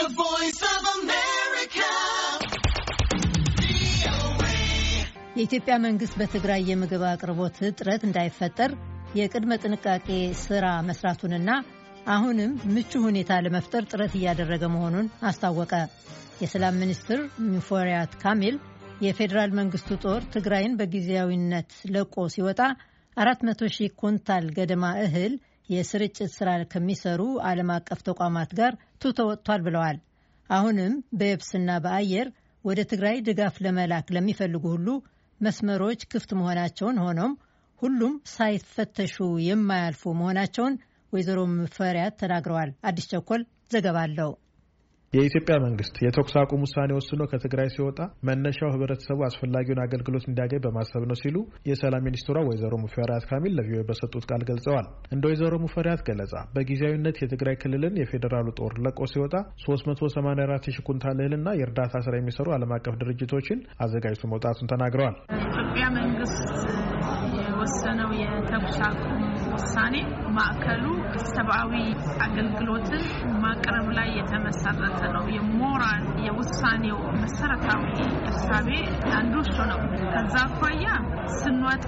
The Voice of America. የኢትዮጵያ መንግስት በትግራይ የምግብ አቅርቦት እጥረት እንዳይፈጠር የቅድመ ጥንቃቄ ስራ መስራቱንና አሁንም ምቹ ሁኔታ ለመፍጠር ጥረት እያደረገ መሆኑን አስታወቀ። የሰላም ሚኒስትር ሙፈሪያት ካሚል የፌዴራል መንግስቱ ጦር ትግራይን በጊዜያዊነት ለቆ ሲወጣ 400 ሺህ ኩንታል ገደማ እህል የስርጭት ስራ ከሚሰሩ ዓለም አቀፍ ተቋማት ጋር ትቶ ወጥቷል ብለዋል። አሁንም በየብስና በአየር ወደ ትግራይ ድጋፍ ለመላክ ለሚፈልጉ ሁሉ መስመሮች ክፍት መሆናቸውን ሆኖም ሁሉም ሳይፈተሹ የማያልፉ መሆናቸውን ወይዘሮ ሙፈሪያት ተናግረዋል። አዲስ ቸኮል ዘገባ አለው። የኢትዮጵያ መንግስት የተኩስ አቁም ውሳኔ ወስኖ ከትግራይ ሲወጣ መነሻው ህብረተሰቡ አስፈላጊውን አገልግሎት እንዲያገኝ በማሰብ ነው ሲሉ የሰላም ሚኒስትሯ ወይዘሮ ሙፈሪያት ካሚል ለቪኦኤ በሰጡት ቃል ገልጸዋል። እንደ ወይዘሮ ሙፈሪያት ገለጻ በጊዜያዊነት የትግራይ ክልልን የፌዴራሉ ጦር ለቆ ሲወጣ 384 ሺ ኩንታል እህልና የእርዳታ ስራ የሚሰሩ ዓለም አቀፍ ድርጅቶችን አዘጋጅቶ መውጣቱን ተናግረዋል። ኢትዮጵያ መንግስት የወሰነው የተኩስ አቁም ውሳኔ ማዕከሉ ሰብአዊ አገልግሎትን ማቅረብ ላይ የተመሰረተ ነው። የሞራል የውሳኔው መሰረታዊ እሳቤ አንዱ እሱ ነው። ከዛ አኳያ ስንወጣ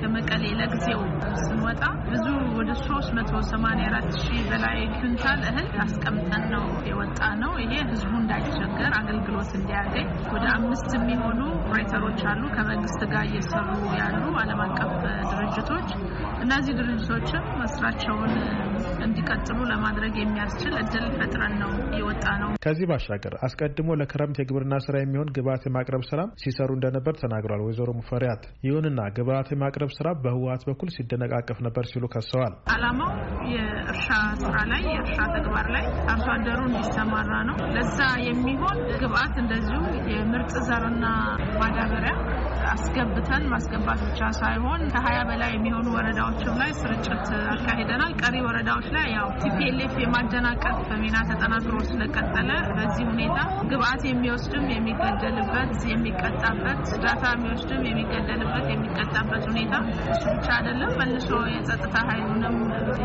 ከመቀሌ ለጊዜው ስንወጣ ብዙ ወደ 384 ሺህ በላይ ኩንታል እህል አስቀምጠን ነው የወጣ ነው። ይሄ ህዝቡ እንዳይቸገር አገልግሎት እንዲያገኝ ወደ አምስት የሚሆኑ ሬተሮች አሉ ከመንግስት ጋር እየሰሩ ያሉ ዓለም አቀፍ ድርጅቶች። እነዚህ ድርጅቶችም መስራቸውን እንዲቀጥሉ ለማድረግ የሚያስችል እድል ፈጥረን ነው የወጣ ነው። ከዚህ ባሻገር አስቀድሞ ለክረምት የግብርና ስራ የሚሆን ግብዓት የማቅረብ ስራ ሲሰሩ እንደነበር ተናግሯል ወይዘሮ ሙፈሪያት። ይሁንና ግብዓት የማቅረብ ስራ በህወሀት በኩል ሲደነቃቀፍ ነበር ሲሉ ከሰዋል። አላማው የእርሻ ስራ ላይ የእርሻ ተግባር ላይ አርሶ አደሩ እንዲሰማራ ነው። ለዛ የሚሆን ግብዓት እንደዚሁ የምርጥ ዘርና ማዳበሪያ አስገብተን ማስገባት ብቻ ሳይሆን ከሀያ በላይ የሚሆኑ ወረዳዎችም ላይ ስርጭት አካሂደናል። ቀሪ ወረዳዎች ላይ ያው ቲፒኤልኤፍ የማደናቀፍ ሚና ተጠናክሮ ስለቀጠለ በዚህ ሁኔታ ግብአት የሚወስድም የሚገደልበት የሚቀጣበት፣ እርዳታ የሚወስድም የሚገደልበት የሚቀጣበት ሁኔታ እሱ ብቻ አይደለም መልሶ የጸጥታ ኃይሉንም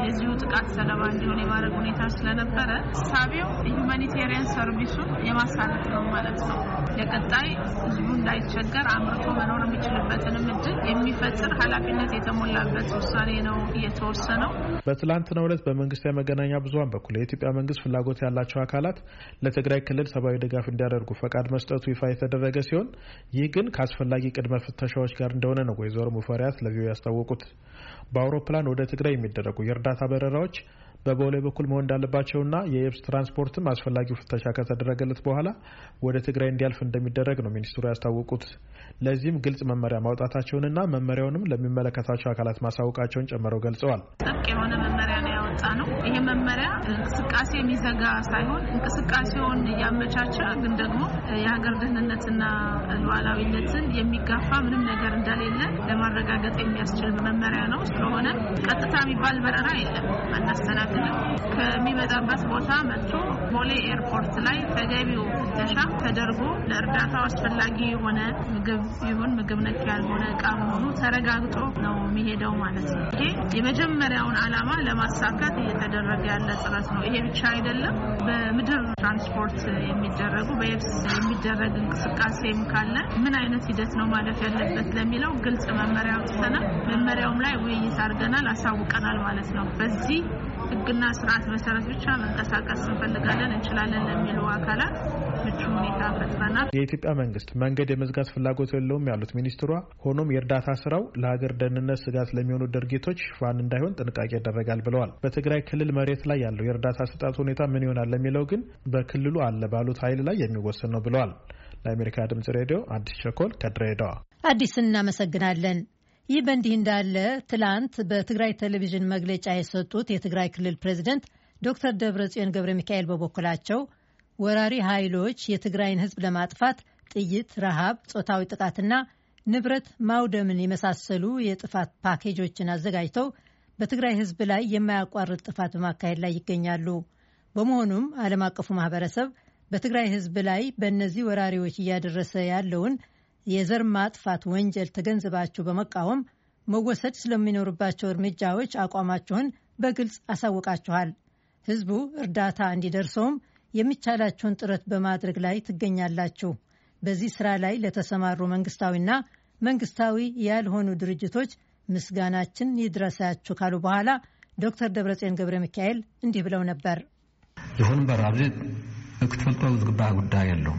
የዚሁ ጥቃት ሰለባ እንዲሆን የማድረግ ሁኔታ ስለነበረ ሳቢው ሁማኒቴሪያን ሰርቪሱን የማሳለፍ ነው ማለት ነው። ለቀጣይ ህዝቡ እንዳይቸገር አምርቶ መኖር ሊኖር የሚችልበትንም እድል የሚፈጥር ኃላፊነት የተሞላበት ውሳኔ ነው የተወሰነው። በትላንትናው ዕለት በመንግስት መገናኛ ብዙሀን በኩል የኢትዮጵያ መንግስት ፍላጎት ያላቸው አካላት ለትግራይ ክልል ሰብአዊ ድጋፍ እንዲያደርጉ ፈቃድ መስጠቱ ይፋ የተደረገ ሲሆን ይህ ግን ከአስፈላጊ ቅድመ ፍተሻዎች ጋር እንደሆነ ነው ወይዘሮ ሙፈሪያት ለቪኦኤ ያስታወቁት። በአውሮፕላን ወደ ትግራይ የሚደረጉ የእርዳታ በረራዎች በቦሌ በኩል መሆን እንዳለባቸውና የየብስ ትራንስፖርትም አስፈላጊው ፍተሻ ከተደረገለት በኋላ ወደ ትግራይ እንዲያልፍ እንደሚደረግ ነው ሚኒስትሩ ያስታወቁት። ለዚህም ግልጽ መመሪያ ማውጣታቸውንና መመሪያውንም ለሚመለከታቸው አካላት ማሳወቃቸውን ጨምረው ገልጸዋል። ጥብቅ የሆነ መመሪያ ነው ያወጣ ነው። ይህ መመሪያ እንቅስቃሴ የሚዘጋ ሳይሆን እንቅስቃሴውን እያመቻቸ ግን ደግሞ የሀገር ደህንነትና ሉዓላዊነትን የሚጋፋ ምንም ነገር እንደሌለ ለማረጋገጥ የሚያስችል መመሪያ ነው። ስለሆነ ቀጥታ የሚባል በረራ የለም አናስተናግ ከሚመጣበት ቦታ መጥቶ ቦሌ ኤርፖርት ላይ ተገቢው ፍተሻ ተደርጎ ለእርዳታው አስፈላጊ የሆነ ምግብ ይሁን ምግብ ነክ ያልሆነ እቃ መሆኑ ተረጋግጦ ነው የሚሄደው ማለት ነው። ይሄ የመጀመሪያውን ዓላማ ለማሳካት እየተደረገ ያለ ጥረት ነው። ይሄ ብቻ አይደለም። በምድር ትራንስፖርት የሚደረጉ በየብስ የሚደረግ እንቅስቃሴም ካለ ምን አይነት ሂደት ነው ማለፍ ያለበት ለሚለው ግልጽ መመሪያ አውጥተናል። መመሪያውም ላይ ውይይት አድርገናል፣ አሳውቀናል ማለት ነው። በዚህ ህግና ስርዓት መሰረት ብቻ መንቀሳቀስ እንፈልጋለን እንችላለን ለሚሉ አካላት ምቹ ሁኔታ ፈጥረናል። የኢትዮጵያ መንግስት መንገድ የመዝጋት ፍላጎት የለውም ያሉት ሚኒስትሯ፣ ሆኖም የእርዳታ ስራው ለሀገር ደህንነት ስጋት ለሚሆኑ ድርጊቶች ሽፋን እንዳይሆን ጥንቃቄ ይደረጋል ብለዋል። በትግራይ ክልል መሬት ላይ ያለው የእርዳታ ስጣት ሁኔታ ምን ይሆናል ለሚለው ግን በክልሉ አለ ባሉት ኃይል ላይ የሚወሰን ነው ብለዋል። ለአሜሪካ ድምጽ ሬዲዮ አዲስ ቸኮል ከድሬዳዋ። አዲስ እናመሰግናለን። ይህ በእንዲህ እንዳለ ትላንት በትግራይ ቴሌቪዥን መግለጫ የሰጡት የትግራይ ክልል ፕሬዚደንት ዶክተር ደብረ ጽዮን ገብረ ሚካኤል በበኩላቸው ወራሪ ኃይሎች የትግራይን ሕዝብ ለማጥፋት ጥይት፣ ረሃብ፣ ጾታዊ ጥቃትና ንብረት ማውደምን የመሳሰሉ የጥፋት ፓኬጆችን አዘጋጅተው በትግራይ ሕዝብ ላይ የማያቋርጥ ጥፋት በማካሄድ ላይ ይገኛሉ። በመሆኑም ዓለም አቀፉ ማህበረሰብ በትግራይ ሕዝብ ላይ በእነዚህ ወራሪዎች እያደረሰ ያለውን የዘር ማጥፋት ወንጀል ተገንዝባችሁ በመቃወም መወሰድ ስለሚኖርባቸው እርምጃዎች አቋማችሁን በግልጽ አሳውቃችኋል። ህዝቡ እርዳታ እንዲደርሰውም የሚቻላችሁን ጥረት በማድረግ ላይ ትገኛላችሁ። በዚህ ስራ ላይ ለተሰማሩ መንግስታዊና መንግስታዊ ያልሆኑ ድርጅቶች ምስጋናችን ይድረሳችሁ ካሉ በኋላ ዶክተር ደብረጽዮን ገብረ ሚካኤል እንዲህ ብለው ነበር። ይሁን በራብ ክትፈልጦ ዝግባእ ጉዳይ የለው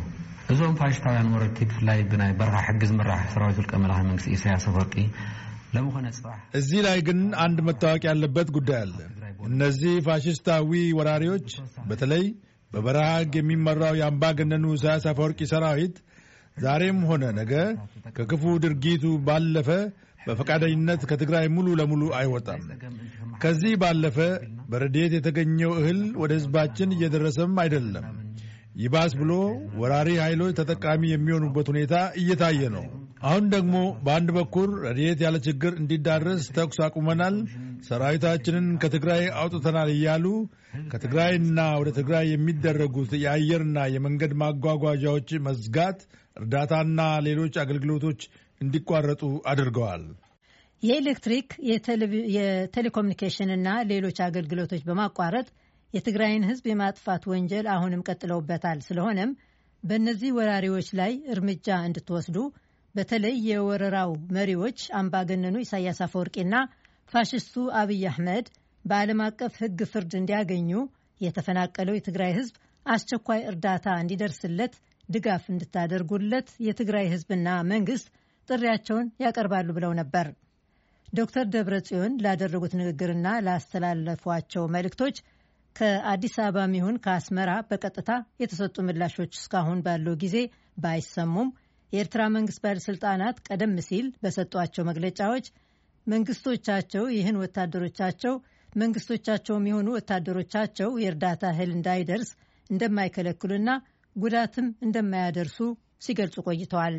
እዞም ፋሽስታውያን ወረርቲ ብፍላይ ብናይ በረኻ ሕጊ ዝምራሕ ሰራዊት ውልቀ መላኸ መንግስቲ ኢሳያስ አፈወርቂ ለምኾነ ፅባሕ እዚ ላይ ግን አንድ መታወቅ ያለበት ጉዳይ አለ። እነዚህ ፋሽስታዊ ወራሪዎች በተለይ በበረሃ ሕግ የሚመራው የአምባገነኑ ኢሳያስ አፈወርቂ ሰራዊት ዛሬም ሆነ ነገ ከክፉ ድርጊቱ ባለፈ በፈቃደኝነት ከትግራይ ሙሉ ለሙሉ አይወጣም። ከዚህ ባለፈ በረድኤት የተገኘው እህል ወደ ህዝባችን እየደረሰም አይደለም። ይባስ ብሎ ወራሪ ኃይሎች ተጠቃሚ የሚሆኑበት ሁኔታ እየታየ ነው። አሁን ደግሞ በአንድ በኩል ረድኤት ያለ ችግር እንዲዳረስ ተኩስ አቁመናል፣ ሰራዊታችንን ከትግራይ አውጥተናል እያሉ ከትግራይና ወደ ትግራይ የሚደረጉት የአየርና የመንገድ ማጓጓዣዎች መዝጋት፣ እርዳታና ሌሎች አገልግሎቶች እንዲቋረጡ አድርገዋል። የኤሌክትሪክ የቴሌኮሙኒኬሽንና ሌሎች አገልግሎቶች በማቋረጥ የትግራይን ህዝብ የማጥፋት ወንጀል አሁንም ቀጥለውበታል። ስለሆነም በእነዚህ ወራሪዎች ላይ እርምጃ እንድትወስዱ በተለይ የወረራው መሪዎች አምባገነኑ ኢሳያስ አፈወርቂና ፋሽስቱ አብይ አህመድ በዓለም አቀፍ ህግ ፍርድ እንዲያገኙ የተፈናቀለው የትግራይ ህዝብ አስቸኳይ እርዳታ እንዲደርስለት ድጋፍ እንድታደርጉለት የትግራይ ህዝብና መንግስት ጥሪያቸውን ያቀርባሉ ብለው ነበር። ዶክተር ደብረ ጽዮን ላደረጉት ንግግርና ላስተላለፏቸው መልእክቶች ከአዲስ አበባም ይሁን ከአስመራ በቀጥታ የተሰጡ ምላሾች እስካሁን ባለው ጊዜ ባይሰሙም የኤርትራ መንግስት ባለሥልጣናት ቀደም ሲል በሰጧቸው መግለጫዎች መንግስቶቻቸው ይህን ወታደሮቻቸው መንግስቶቻቸውም የሆኑ ወታደሮቻቸው የእርዳታ እህል እንዳይደርስ እንደማይከለክሉና ጉዳትም እንደማያደርሱ ሲገልጹ ቆይተዋል።